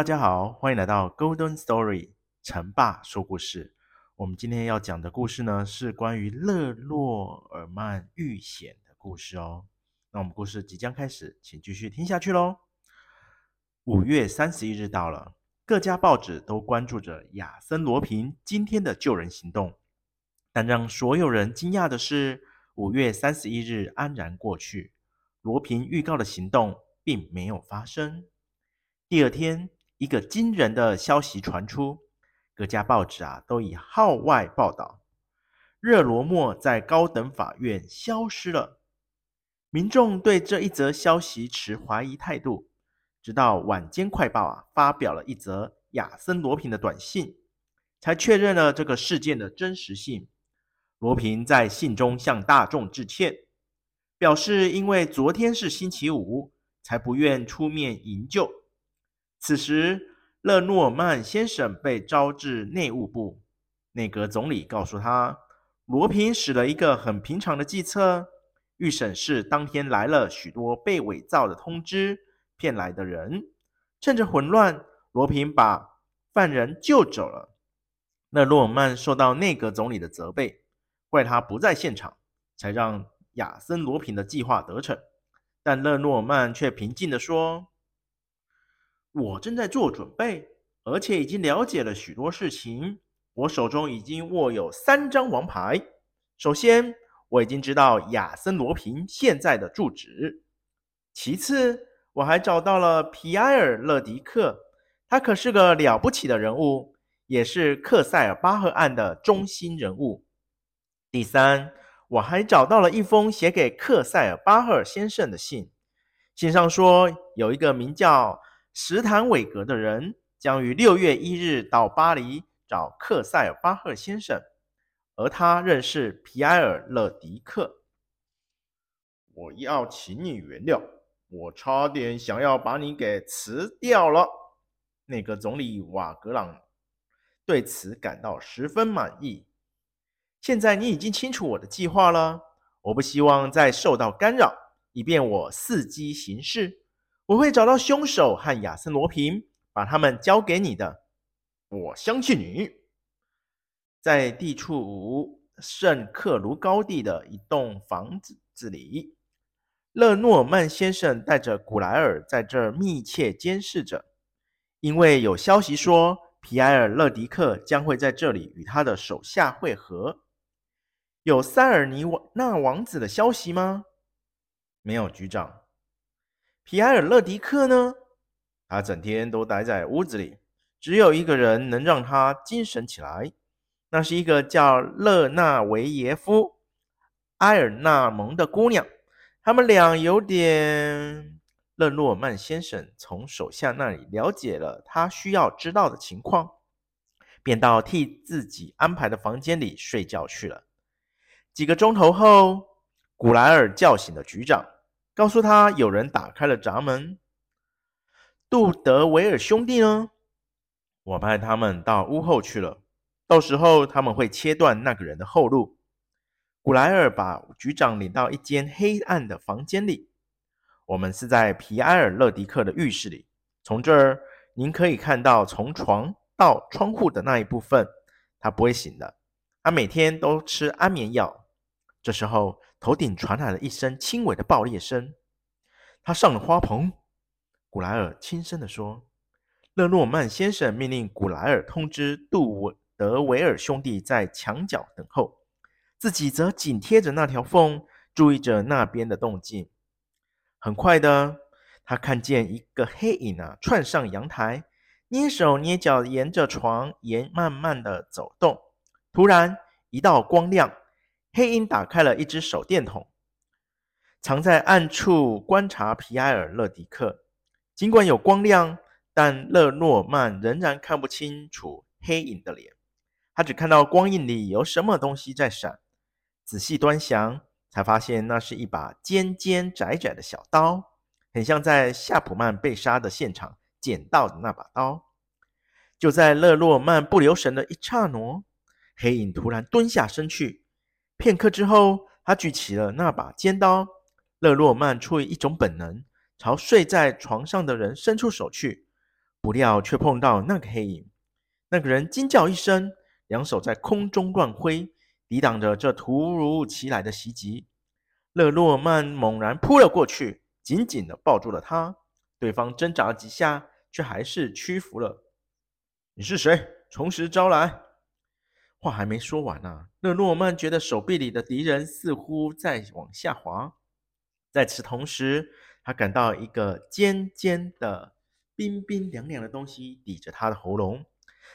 大家好，歡迎來到 Golden Story 成爸說故事。我們今天要講的故事呢，是關於勒諾爾曼遇險的故事哦。那我們故事即將開始，請繼續聽下去嘍。五月三十一日到了，各家報紙都關注着亞森羅蘋今天的救人行動。但讓所有人驚訝的是，五月三十一日安然過去，羅蘋預告的行動並沒有發生。第二天，一個驚人的消息傳出，各家報紙啊都以號外報道，熱羅莫在高等法院消失了。民眾對這一則消息持懷疑態度，直到晚間快報啊發表了一則亞森·羅平的短信，才確認了這個事件的真實性。羅平在信中向大眾致歉，表示因為昨天是星期五，才不願出面營救。此時，勒諾爾曼先生被召至內務部。內閣總理告訴他，羅平使了一個很平常的計策。預審室當天來了許多被偽造的通知騙來的人，趁着混亂，羅平把犯人救走了。勒諾爾曼受到內閣總理的責備，怪他不在現場，才讓亞森羅平的計劃得逞。但勒諾爾曼卻平靜地說。我正在做準備，而且已經了解了許多事情。我手中已經握有三張王牌。首先，我已經知道亞森·羅蘋現在的住址。其次，我還找到了皮埃爾·勒迪克，他可是個了不起的人物，也是克塞爾巴赫案的中心人物。第三，我還找到了一封寫給克塞爾巴赫先生的信，信上說有一個名叫……石坦韋格的人將於六月一日到巴黎找克塞爾巴赫先生，而他認識皮埃爾勒迪克。我要請你原諒，我差點想要把你給辭掉了。內閣總理瓦格朗對此感到十分滿意。現在你已經清楚我的計劃了，我不希望再受到干擾，以便我伺機行事。我會找到兇手和亞森羅蘋，把他們交給你的。我相信你。在地處聖克盧高地的一棟房子子裡，勒諾爾曼先生帶着古萊爾在這兒密切監視着，因為有消息說皮埃爾·勒迪克將會在這裡與他的手下會合。有塞爾尼納王子的消息嗎？沒有，局長。皮埃爾·勒迪克呢？他整天都待在屋子裡，只有一個人能讓他精神起來，那是一個叫勒納維耶夫·埃爾納蒙的姑娘。他們倆有點……勒諾曼先生從手下那裡了解了他需要知道的情況，便到替自己安排的房間裡睡覺去了。幾個鐘頭後，古萊爾叫醒了局長。告訴他，有人打開了閘門。杜德維爾兄弟呢？我派他們到屋後去了。到時候他們會切斷那個人的後路。古萊爾把局長領到一間黑暗的房間裡。我們是在皮埃爾·勒迪克的浴室裡。從這兒，您可以看到從床到窗戶的那一部分。他不會醒的。他每天都吃安眠藥。這時候。頭頂傳來了一聲輕微的爆裂聲，他上了花棚。古萊爾輕聲地說：“勒諾曼先生命令古萊爾通知杜德維爾兄弟在牆角等候，自己則緊貼着那條縫，注意着那邊的動靜。”很快的，他看見一個黑影啊竄上陽台，捏手捏腳沿着床沿慢慢地走動。突然，一道光亮。黑影打開了一隻手電筒，藏在暗處觀察皮埃爾·勒迪克。儘管有光亮，但勒諾曼仍然看不清楚黑影的臉。他只看到光影裡有什麼東西在閃。仔細端詳，才發現那是一把尖尖窄窄的小刀，很像在夏普曼被殺的現場撿到的那把刀。就在勒諾曼不留神的一剎那，黑影突然蹲下身去。片刻之後，他舉起了那把尖刀。勒諾爾曼出於一種本能，朝睡在床上的人伸出手去，不料卻碰到那個黑影。那個人驚叫一聲，兩手在空中亂揮，抵擋着這突如其來的襲擊。勒諾爾曼猛然撲了過去，緊緊地抱住了他。對方掙扎了幾下，卻還是屈服了。“你是誰？從實招來。”話還沒說完呢、啊，勒諾曼覺得手臂裡的敵人似乎在往下滑。在此同時，他感到一個尖尖的、冰冰涼涼的東西抵着他的喉嚨。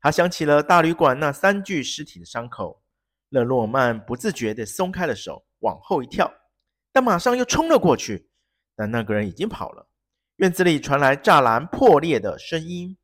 他想起了大旅館那三具屍體的傷口。勒諾曼不自覺地鬆開了手，往後一跳，但馬上又衝了過去。但那個人已經跑了。院子裡傳來柵欄破裂的聲音。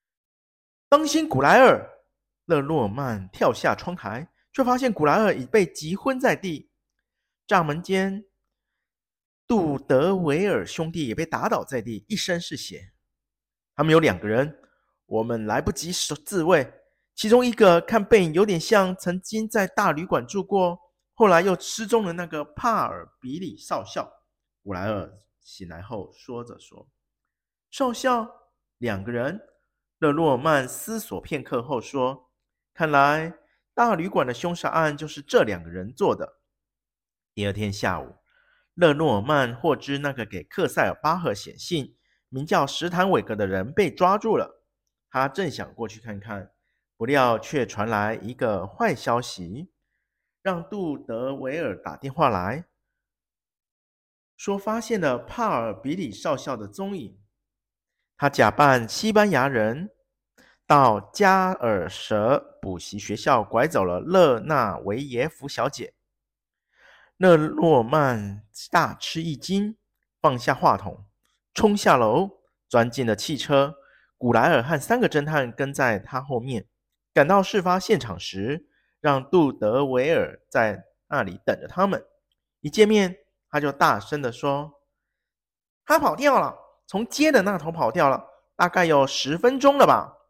“當心，古萊爾！”勒諾爾曼跳下窗台，卻發現古萊爾已被擊昏在地。帳門間，杜德維爾兄弟也被打倒在地，一身是血。他們有兩個人，我們來不及自衛。其中一個看背影有點像曾經在大旅館住過，後來又失蹤的那個帕爾比里少校。古萊爾醒來後說着說：“少校，兩個人。”勒諾爾曼思索片刻後說。看來，大旅館的兇殺案就是這兩個人做的。第二天下午，勒諾爾曼獲知那個給克塞爾巴赫寫信、名叫史坦韋格的人被抓住了。他正想過去看看，不料卻傳來一個壞消息：讓杜德維爾打電話來說，發現了帕爾比里少校的蹤影。他假扮西班牙人。到加爾舍補習學校拐走了勒納維耶夫小姐，勒諾曼大吃一驚，放下話筒，衝下樓，鑽進了汽車。古萊爾和三個偵探跟在他後面，趕到事發現場時，讓杜德維爾在那裡等着他們。一見面，他就大聲地說：“他跑掉了，從街的那頭跑掉了，大概有十分鐘了吧。”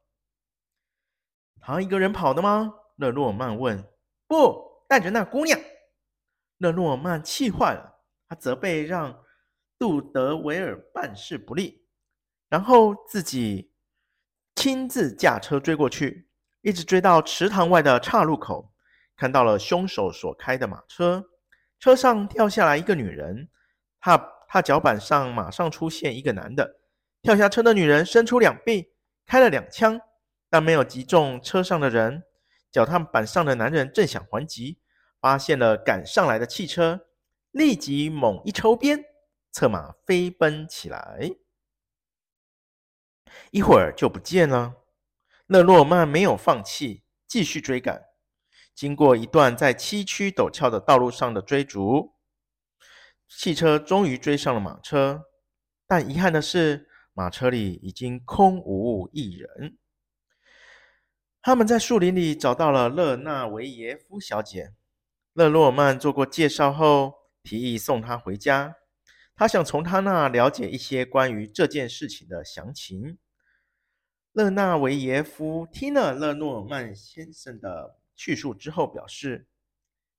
好像一個人跑的嗎？勒諾爾曼問。不，帶着那姑娘。勒諾爾曼氣壞了，他責備讓杜德維爾辦事不力，然後自己親自駕車追過去，一直追到池塘外的岔路口，看到了兇手所開的馬車。車上跳下來一個女人，她她腳板上馬上出現一個男的。跳下車的女人伸出兩臂，開了兩槍。但沒有擊中車上的人。腳踏板上的男人正想還擊，發現了趕上來的汽車，立即猛一抽鞭，策馬飛奔起來。一會兒就不見了。勒諾曼沒有放棄，繼續追趕。經過一段在崎嶇陡峭的道路上的追逐，汽車終於追上了馬車，但遺憾的是，馬車裡已經空無一人。他們在樹林裡找到了勒納維耶夫小姐。勒諾曼做過介紹後，提議送她回家。他想從她那了解一些關於這件事情的詳情。勒納維耶夫聽了勒諾曼先生的敘述之後，表示，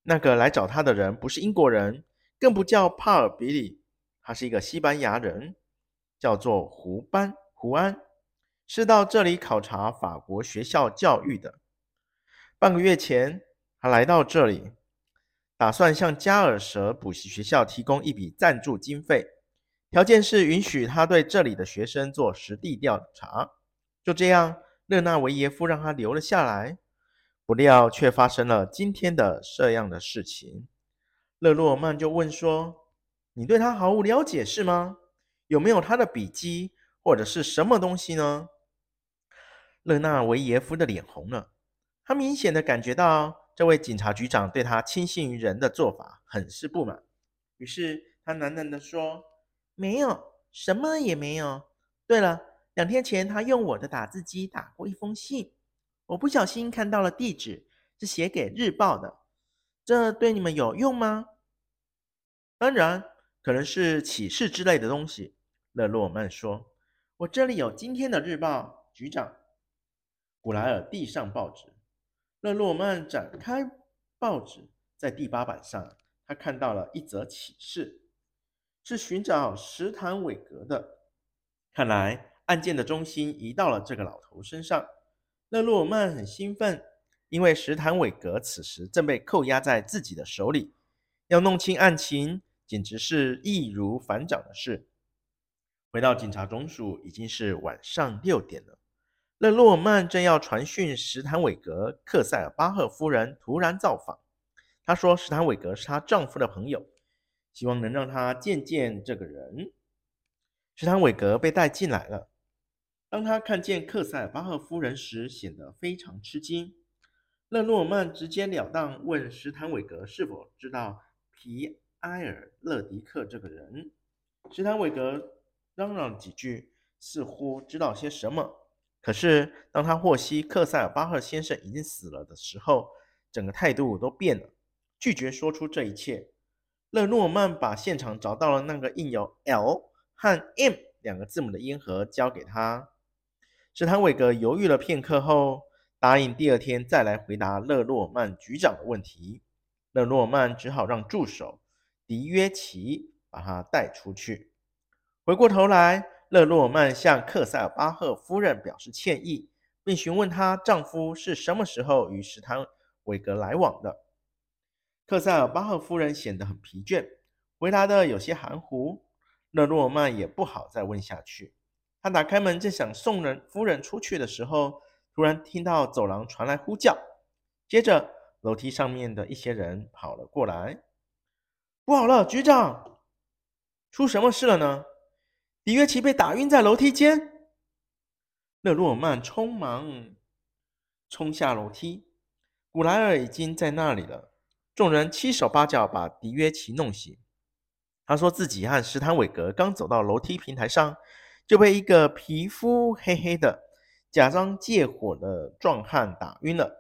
那個來找他的人不是英國人，更不叫帕爾比里，他是一個西班牙人，叫做胡班·胡安。是到這裡考察法國學校教育的。半個月前，他來到這裡，打算向加爾舍補習學校提供一筆贊助經費，條件是允許他對這裡的學生做實地調查。就這樣，勒納維耶夫讓他留了下來。不料卻發生了今天的這樣的事情。勒諾爾曼就問說：“你對他毫無了解是嗎？有沒有他的筆記或者是什麼東西呢？”勒納維耶夫的臉紅了，他明顯的感覺到這位警察局長對他輕信於人的做法很是不滿。於是他喃喃地說：“沒有什麼也沒有。對了，兩天前他用我的打字機打過一封信，我不小心看到了地址，是寫給日報的。這對你們有用嗎？”“當然，可能是啟事之類的東西。”勒諾爾曼說，“我這裡有今天的日報，局長。”古萊爾遞上報紙，勒諾曼展開報紙，在第八版上，他看到了一則啟事，是尋找石坦韋格的。看來案件的中心移到了這個老頭身上。勒諾曼很興奮，因為石坦韋格此時正被扣押在自己的手裡，要弄清案情簡直是易如反掌的事。回到警察總署，已經是晚上六點了。勒諾爾曼正要傳訊史坦威格，克塞爾巴赫夫人突然造訪。她說：“史坦威格是她丈夫的朋友，希望能讓他見見這個人。”史坦韋格被帶進來了。當他看見克塞爾巴赫夫人時，顯得非常吃驚。勒諾爾曼直截了當問史坦韋格是否知道皮埃爾·勒迪克這個人。史坦韋格嚷嚷了幾句，似乎知道些什麼。可是，當他獲悉克塞爾巴赫先生已經死了的時候，整個態度都變了，拒絕說出這一切。勒諾曼把現場找到了那個印有 L 和 M 兩個字母的菸盒交給他，斯坦韋格猶豫了片刻後，答應第二天再來回答勒諾曼局長的問題。勒諾曼只好讓助手迪約奇把他帶出去。回過頭來。勒諾爾曼向克塞爾巴赫夫人表示歉意，並詢問她丈夫是什麼時候與史坦韋格來往的。克塞爾巴赫夫人顯得很疲倦，回答得有些含糊。勒諾爾曼也不好再問下去。他打開門，正想送人夫人出去的時候，突然聽到走廊傳來呼叫，接着樓梯上面的一些人跑了過來。“不好了，局長，出什麼事了呢？”迪約奇被打暈在樓梯間，勒諾爾曼匆忙衝下樓梯，古萊爾已經在那裡了。眾人七手八腳把迪約奇弄醒。他說自己和石坦韋格剛走到樓梯平台上，就被一個皮膚黑黑的、假裝借火的壯漢打暈了。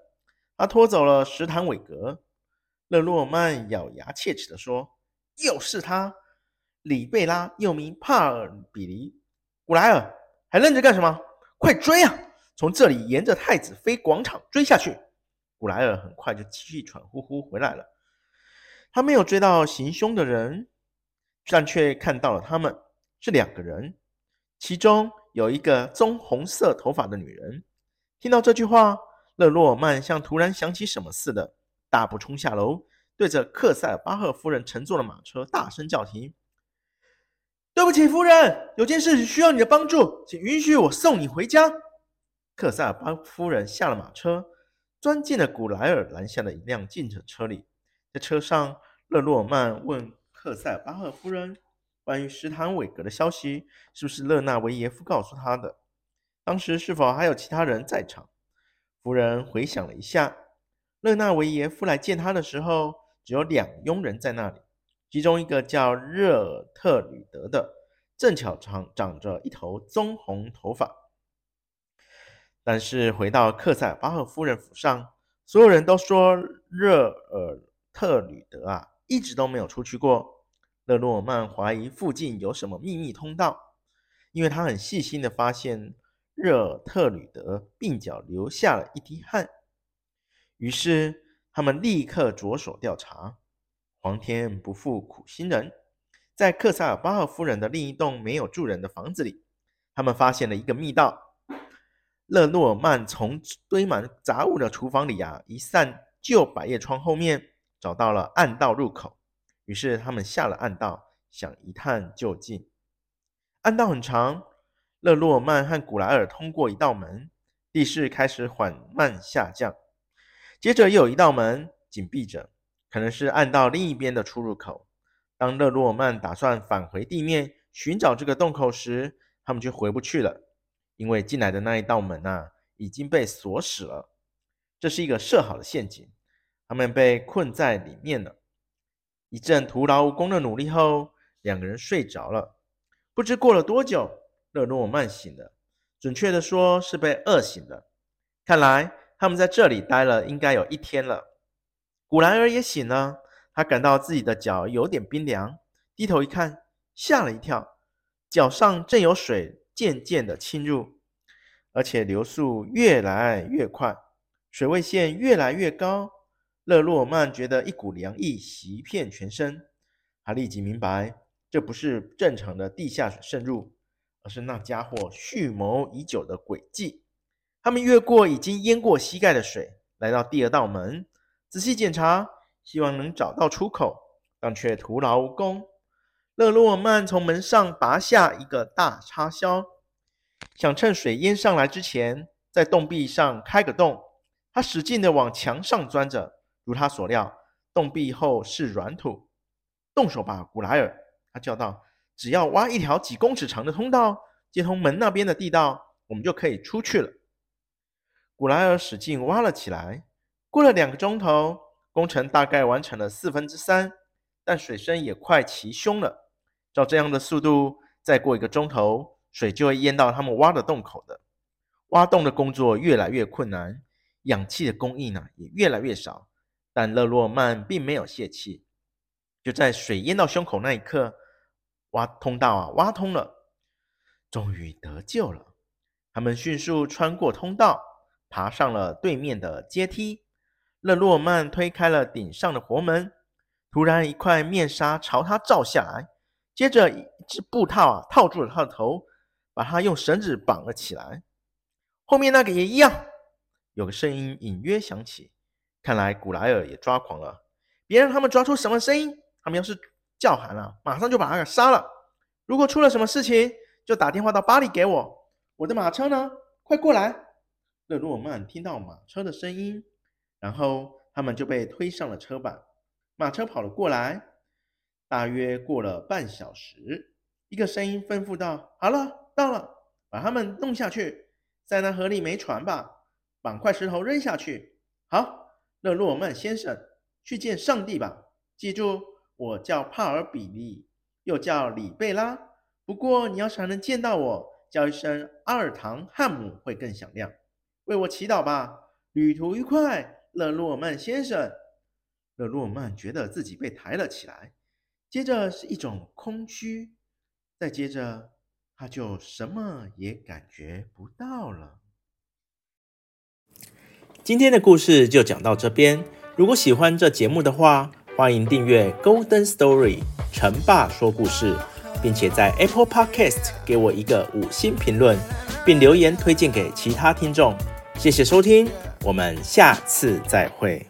他拖走了石坦韋格。勒諾爾曼咬牙切齒地說：“又是他。”裡貝拉又名帕爾比尼，古萊爾，還愣着幹什麼？快追啊！從這裡沿着太子妃廣場追下去。古萊爾很快就氣喘籲籲回來了，他沒有追到行凶的人，但卻看到了他們，是兩個人，其中有一個棕紅色頭髮的女人。聽到這句話，勒諾爾曼像突然想起什麼似的，大步衝下樓，對着克塞爾巴赫夫人乘坐的馬車大聲叫停。對不起，夫人，有件事需要你的幫助，請允許我送你回家。克塞爾巴夫人下了馬車，鑽進了古萊爾攔下的一輛進城車裡。在車上，勒諾爾曼問克塞爾巴赫夫人關於斯坦韋格的消息，是不是勒納維耶夫告訴他的？當時是否還有其他人在場？夫人回想了一下，勒納維耶夫來見他的時候，只有兩傭人在那裡。其中一個叫熱爾特呂德的，正巧長長着一頭棕紅頭髮。但是回到克塞巴赫夫人府上，所有人都說熱爾特呂德啊，一直都沒有出去過。勒諾爾曼懷疑附近有什麼秘密通道，因為他很細心地發現熱爾特呂德鬢角流下了一滴汗。於是他們立刻着手調查。皇天不負苦心人，在克薩爾巴赫夫人的另一棟沒有住人的房子裡，他們發現了一個密道。勒諾爾曼從堆滿雜物的廚房裡啊，一扇舊百葉窗後面找到了暗道入口。於是他們下了暗道，想一探究竟。暗道很長，勒諾爾曼和古萊爾通過一道門，地勢開始緩慢下降。接着又有一道門緊閉着。可能是按到另一邊的出入口。當勒諾爾曼打算返回地面尋找這個洞口時，他們卻回不去了，因為進來的那一道門啊已經被鎖死了。這是一個設好的陷阱，他們被困在裡面了。一陣徒勞無功的努力後，兩個人睡着了。不知過了多久，勒諾爾曼醒了，準確的說是被餓醒了。看來他們在這裡待了應該有一天了。古蘭兒也醒了，他感到自己的腳有點冰涼，低頭一看，嚇了一跳，腳上正有水漸漸的侵入，而且流速越來越快，水位線越來越高。勒諾爾曼覺得一股涼意襲遍全身，他立即明白，這不是正常的地下水滲入，而是那家夥蓄謀已久的詭計。他們越過已經淹過膝蓋的水，來到第二道門。仔細檢查，希望能找到出口，但卻徒勞無功。勒諾爾曼從門上拔下一個大插銷，想趁水淹上來之前，在洞壁上開個洞。他使勁地往牆上鑽着，如他所料，洞壁後是軟土。動手吧，古萊爾，他叫道：“只要挖一條幾公尺長的通道，接通門那邊的地道，我們就可以出去了。”古萊爾使勁挖了起來。過了兩個鐘頭，工程大概完成了四分之三，但水深也快齊胸了。照這樣的速度，再過一個鐘頭，水就會淹到他們挖的洞口的。挖洞的工作越來越困難，氧氣的供應呢也越來越少。但勒諾爾曼並沒有洩氣。就在水淹到胸口那一刻，挖通道啊，挖通了，終於得救了。他們迅速穿過通道，爬上了對面的階梯。勒諾爾曼推開了頂上的活門，突然一塊面紗朝他罩下來，接着一只布套啊套住了他的頭，把他用繩子綁了起來。後面那個也一樣，有個聲音隱約響起。看來古萊爾也抓狂了，別讓他們抓出什麼聲音。他們要是叫喊了，馬上就把他給殺了。如果出了什麼事情，就打電話到巴黎給我。我的馬車呢？快過來！勒諾爾曼聽到馬車的聲音。然後他們就被推上了車板，馬車跑了過來。大約過了半小時，一個聲音吩咐道：“好了，到了，把他們弄下去。塞納河裡沒船吧？把塊石頭扔下去。好，勒諾爾曼先生，去見上帝吧。記住，我叫帕爾比利，又叫李貝拉。不過你要是還能見到我，叫一聲阿爾唐漢姆會更響亮。為我祈禱吧，旅途愉快。”勒諾爾曼先生，勒諾爾曼覺得自己被抬了起來，接着是一種空虛，再接着他就什麼也感覺不到了。今天的故事就講到這邊。如果喜歡這節目的話，歡迎訂閱《Golden Story》成爸說故事，並且在 Apple Podcast 給我一個五星評論，並留言推薦給其他聽眾。謝謝收聽。我們下次再會。